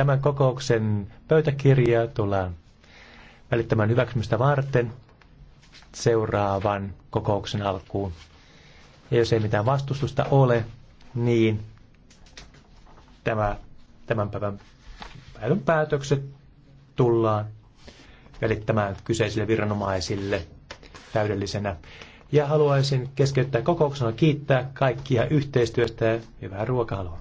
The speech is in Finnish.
Tämän kokouksen pöytäkirja tullaan välittämään hyväksymistä varten seuraavan kokouksen alkuun. Ja jos ei mitään vastustusta ole, niin tämä, tämän päivän päivän päätökset tullaan välittämään kyseisille viranomaisille täydellisenä. Ja haluaisin keskeyttää kokouksena kiittää kaikkia yhteistyöstä ja hyvää ruokahalua.